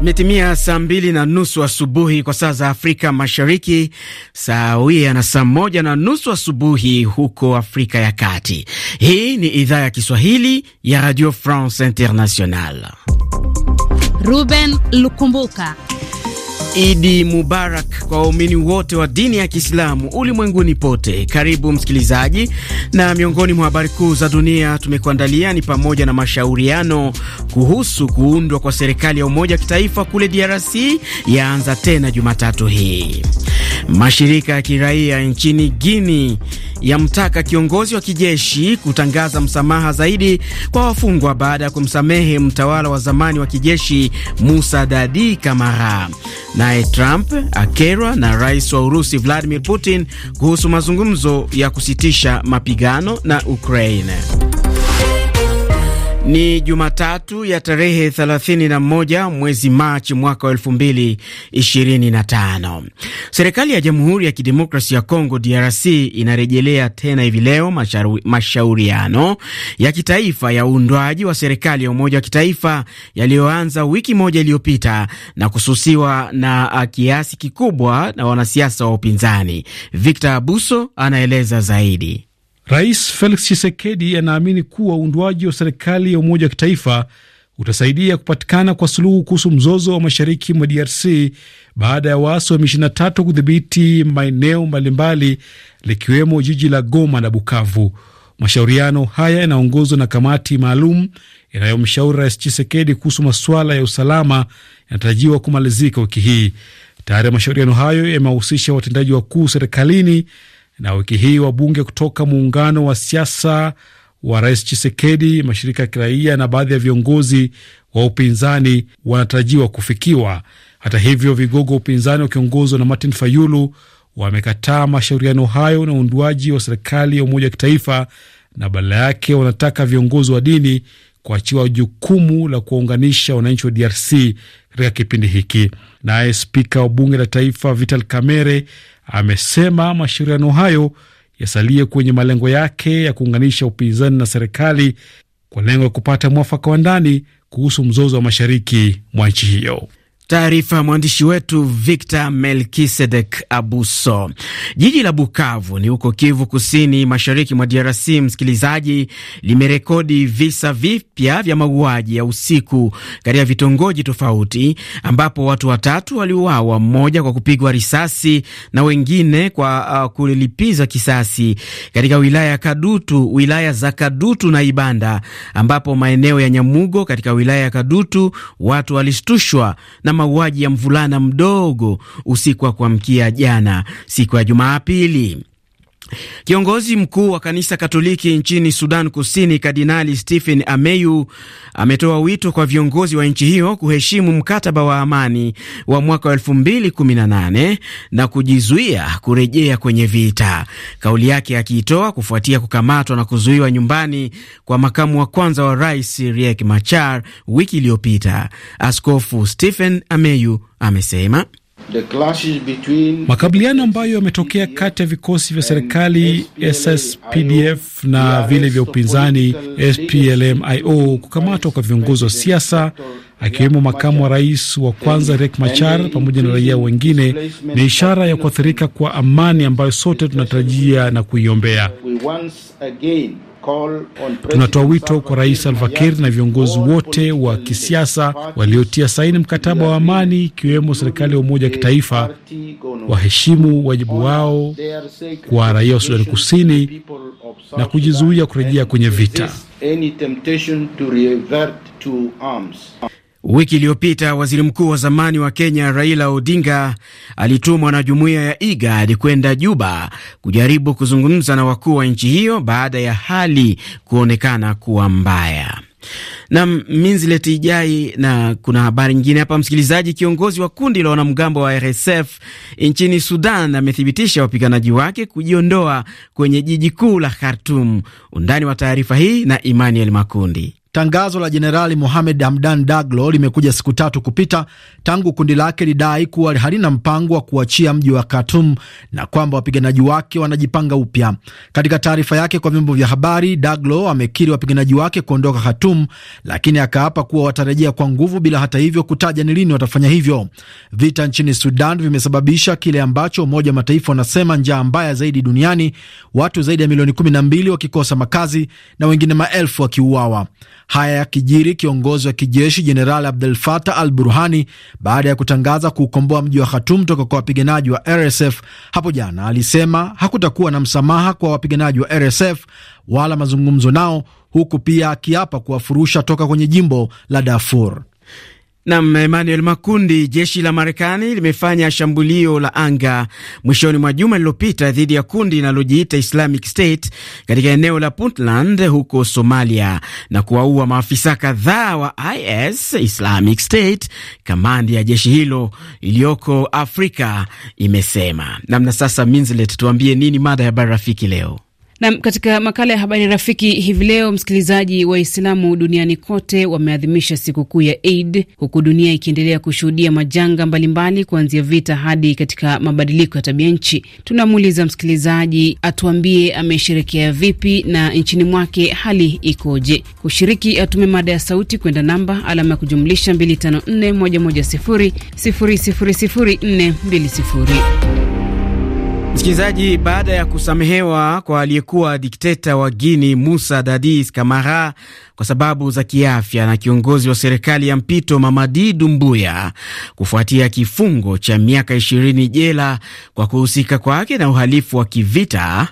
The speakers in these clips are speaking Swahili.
Imetimia saa mbili na nusu asubuhi kwa saa za Afrika Mashariki, saa wia na saa moja na nusu asubuhi huko Afrika ya Kati. Hii ni idhaa ya Kiswahili ya Radio France international Ruben Lukumbuka Idi Mubarak kwa waumini wote wa dini ya Kiislamu ulimwenguni pote. Karibu msikilizaji, na miongoni mwa habari kuu za dunia tumekuandalia ni pamoja na mashauriano kuhusu kuundwa kwa serikali ya umoja wa kitaifa kule DRC yaanza tena Jumatatu hii. Mashirika ya kiraia nchini guini yamtaka kiongozi wa kijeshi kutangaza msamaha zaidi kwa wafungwa baada ya kumsamehe mtawala wa zamani wa kijeshi Musa Dadi Kamara. Naye Trump akerwa na rais wa Urusi Vladimir Putin kuhusu mazungumzo ya kusitisha mapigano na Ukraine. Ni Jumatatu ya tarehe 31 mwezi Machi mwaka wa 2025. Serikali ya Jamhuri ya Kidemokrasia ya Kongo DRC inarejelea tena hivi leo mashauriano ya kitaifa ya uundwaji wa serikali ya umoja wa kitaifa yaliyoanza wiki moja iliyopita na kususiwa na kiasi kikubwa na wanasiasa wa upinzani. Victor Abuso anaeleza zaidi. Rais Felix chisekedi anaamini kuwa uundwaji wa serikali ya umoja wa kitaifa utasaidia kupatikana kwa suluhu kuhusu mzozo wa mashariki mwa DRC baada ya waasi wa M23 kudhibiti maeneo mbalimbali likiwemo jiji la Goma na Bukavu. Mashauriano haya yanaongozwa na kamati maalum inayomshauri Rais Chisekedi kuhusu masuala ya usalama yanatarajiwa kumalizika wiki hii. Tayari ya mashauriano hayo yamewahusisha watendaji wakuu serikalini na wiki hii wabunge kutoka muungano wa siasa wa Rais Chisekedi, mashirika ya kiraia na baadhi ya viongozi wa upinzani wanatarajiwa kufikiwa. Hata hivyo, vigogo wa upinzani wakiongozwa na Martin Fayulu wamekataa mashauriano hayo na uundwaji wa serikali ya umoja wa kitaifa, na badala yake wanataka viongozi wa dini kuachiwa jukumu la kuwaunganisha wananchi wa DRC katika kipindi hiki. Naye spika wa bunge la taifa Vital Kamerhe amesema mashauriano hayo yasalie kwenye malengo yake ya kuunganisha upinzani na serikali kwa lengo ya kupata mwafaka wa ndani kuhusu mzozo wa mashariki mwa nchi hiyo. Taarifa ya mwandishi wetu Victor Melkisedek Abuso. Jiji la Bukavu ni huko Kivu Kusini, mashariki mwa DRC, msikilizaji, limerekodi visa vipya vya mauaji ya usiku katika vitongoji tofauti, ambapo watu watatu waliuawa, mmoja kwa kupigwa risasi na wengine kwa uh, kulipiza kisasi katika wilaya Kadutu, wilaya za Kadutu na Ibanda, ambapo maeneo ya Nyamugo katika wilaya ya Kadutu watu walishtushwa na mauaji ya mvulana mdogo usiku wa kuamkia jana siku ya Jumapili. Kiongozi mkuu wa kanisa Katoliki nchini Sudan Kusini, Kardinali Stephen Ameyu ametoa wito kwa viongozi wa nchi hiyo kuheshimu mkataba wa amani wa mwaka wa 2018 na kujizuia kurejea kwenye vita. Kauli yake akiitoa kufuatia kukamatwa na kuzuiwa nyumbani kwa makamu wa kwanza wa rais Riek Machar wiki iliyopita. Askofu Stephen Ameyu amesema Makabiliano ambayo yametokea kati ya vikosi vya serikali SSPDF na vile vya upinzani splmio kukamatwa kwa viongozi wa siasa akiwemo makamu wa rais wa kwanza Riek Machar pamoja na raia wengine ni ishara ya kuathirika kwa amani ambayo sote tunatarajia na kuiombea. Tunatoa wito kwa Rais Salva Kiir na viongozi wote wa kisiasa waliotia saini mkataba wa amani, ikiwemo serikali ya umoja wa kitaifa, waheshimu wajibu wao kwa raia wa Sudani Kusini na kujizuia kurejea kwenye vita. Wiki iliyopita waziri mkuu wa zamani wa Kenya Raila Odinga alitumwa na jumuiya ya IGAD kwenda Juba kujaribu kuzungumza na wakuu wa nchi hiyo baada ya hali kuonekana kuwa mbaya. Na Minzilet Ijai, na kuna habari nyingine hapa msikilizaji. Kiongozi wa kundi la wanamgambo wa RSF nchini Sudan amethibitisha wapiganaji wake kujiondoa kwenye jiji kuu la Khartum. Undani wa taarifa hii na Emmanuel Makundi. Tangazo la Jenerali Mohamed Hamdan Daglo limekuja siku tatu kupita tangu kundi lake lidai kuwa halina mpango wa kuachia mji wa Khartoum na kwamba wapiganaji wake wanajipanga upya. Katika taarifa yake kwa vyombo vya habari, Daglo amekiri wapiganaji wake kuondoka Khartoum, lakini akaapa kuwa watarejea kwa nguvu, bila hata hivyo kutaja ni lini watafanya hivyo. Vita nchini Sudan vimesababisha kile ambacho Umoja wa Mataifa wanasema njaa mbaya zaidi duniani, watu zaidi ya milioni 12 wakikosa makazi na wengine maelfu wakiuawa. Haya yakijiri kiongozi wa kijeshi Jenerali Abdel Fattah al Burhani, baada ya kutangaza kuukomboa mji wa Khartoum toka kwa wapiganaji wa RSF hapo jana, alisema hakutakuwa na msamaha kwa wapiganaji wa RSF wala mazungumzo nao, huku pia akiapa kuwafurusha toka kwenye jimbo la Darfur. Nam Emmanuel Makundi. Jeshi la Marekani limefanya shambulio la anga mwishoni mwa juma lililopita dhidi ya kundi linalojiita Islamic State katika eneo la Puntland huko Somalia na kuwaua maafisa kadhaa wa IS Islamic State, kamandi ya jeshi hilo iliyoko Afrika imesema namna. Sasa Minzlet, tuambie nini mada ya bara rafiki leo? Nam, katika makala ya habari rafiki hivi leo, msikilizaji, Waislamu duniani kote wameadhimisha sikukuu ya Eid huku dunia ikiendelea kushuhudia majanga mbalimbali kuanzia vita hadi katika mabadiliko ya tabia nchi. Tunamuuliza msikilizaji atuambie amesherekea vipi na nchini mwake hali ikoje? Kushiriki atume mada ya sauti kwenda namba alama ya kujumlisha 254 110 000 420. Msikilizaji, baada ya kusamehewa kwa aliyekuwa dikteta wa Guini Musa Dadis Kamara kwa sababu za kiafya na kiongozi wa serikali ya mpito Mamadi Dumbuya kufuatia kifungo cha miaka ishirini jela kwa kuhusika kwake na uhalifu wa kivita.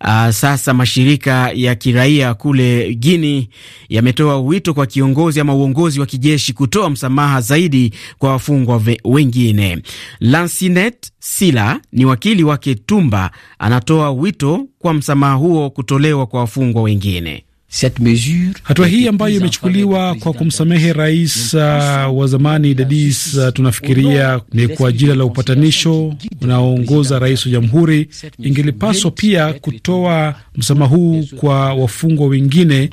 Aa, sasa mashirika ya kiraia kule Guini yametoa wito kwa kiongozi ama uongozi wa kijeshi kutoa msamaha zaidi kwa wafungwa wengine. lancinet Sila ni wakili wake Bitumba anatoa wito kwa msamaha huo kutolewa kwa wafungwa wengine. Hatua hii ambayo imechukuliwa kwa kumsamehe uh, uh, rais wa zamani Dadis tunafikiria ni kwa ajili la upatanisho unaoongoza rais wa jamhuri. Ingelipaswa pia kutoa msamaha huu kwa wafungwa wengine,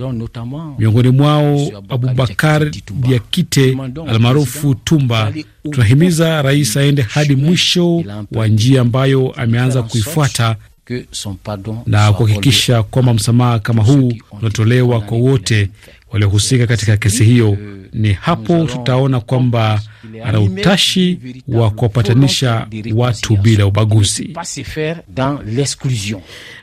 miongoni mwao Abubakar Diakite almaarufu Tumba. Tunahimiza rais aende hadi mwisho wa njia ambayo ameanza kuifuata na kuhakikisha kwamba msamaha kama huu unatolewa kwa wote waliohusika katika kesi hiyo. Ni hapo tutaona kwamba ana utashi wa kuwapatanisha watu bila ubaguzi.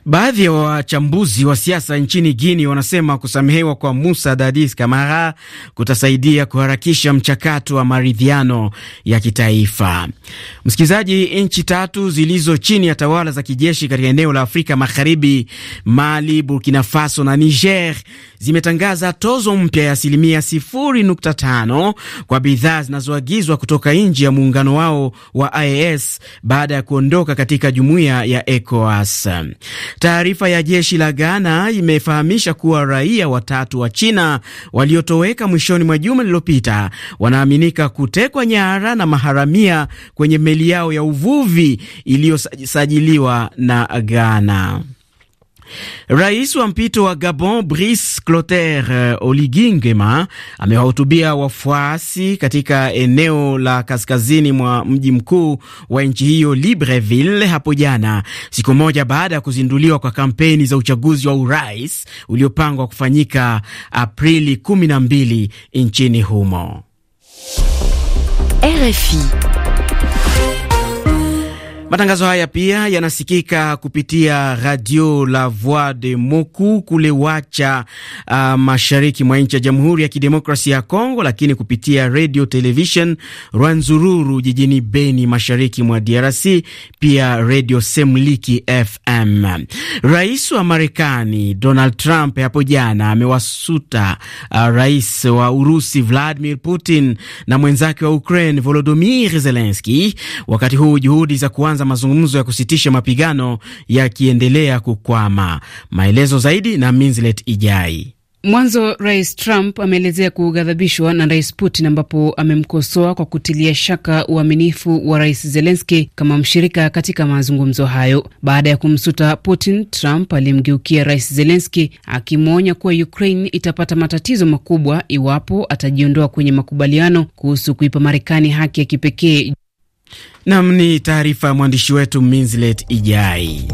Baadhi ya wachambuzi wa, wa siasa nchini Guini wanasema kusamehewa kwa Musa Dadis Kamara kutasaidia kuharakisha mchakato wa maridhiano ya kitaifa. Msikilizaji, nchi tatu zilizo chini ya tawala za kijeshi katika eneo la Afrika Magharibi, Mali, Burkina Faso na Niger zimetangaza to tozo mpya ya asilimia 0.5 kwa bidhaa zinazoagizwa kutoka nje ya muungano wao wa IAS baada ya kuondoka katika jumuiya ya ECOWAS. Taarifa ya jeshi la Ghana imefahamisha kuwa raia watatu wa China waliotoweka mwishoni mwa juma lililopita wanaaminika kutekwa nyara na maharamia kwenye meli yao ya uvuvi iliyosajiliwa na Ghana. Rais wa mpito wa Gabon Brice Clotaire eh, Oligui Nguema amewahutubia wafuasi katika eneo la kaskazini mwa mji mkuu wa nchi hiyo Libreville hapo jana, siku moja baada ya kuzinduliwa kwa kampeni za uchaguzi wa urais uliopangwa kufanyika Aprili 12 nchini humo. RFI Matangazo haya pia yanasikika kupitia Radio La Voix de Moku kule Wacha, uh, mashariki mwa nchi ya Jamhuri ya Kidemokrasia ya Kongo, lakini kupitia Radio Television Rwanzururu jijini Beni, mashariki mwa DRC, pia Radio Semliki FM. Rais wa Marekani Donald Trump hapo jana amewasuta uh, rais wa Urusi Vladimir Putin na mwenzake wa Ukraine Volodymyr Zelensky, wakati huu juhudi za kuanza kuanza mazungumzo ya kusitisha mapigano yakiendelea kukwama. Maelezo zaidi na Minzlet Ijai. Mwanzo Rais Trump ameelezea kughadhabishwa na Rais Putin ambapo amemkosoa kwa kutilia shaka uaminifu wa Rais Zelenski kama mshirika katika mazungumzo hayo. Baada ya kumsuta Putin, Trump alimgeukia Rais Zelenski akimwonya kuwa Ukraine itapata matatizo makubwa iwapo atajiondoa kwenye makubaliano kuhusu kuipa Marekani haki ya kipekee Nam ni taarifa ya mwandishi wetu Minslet Ijai.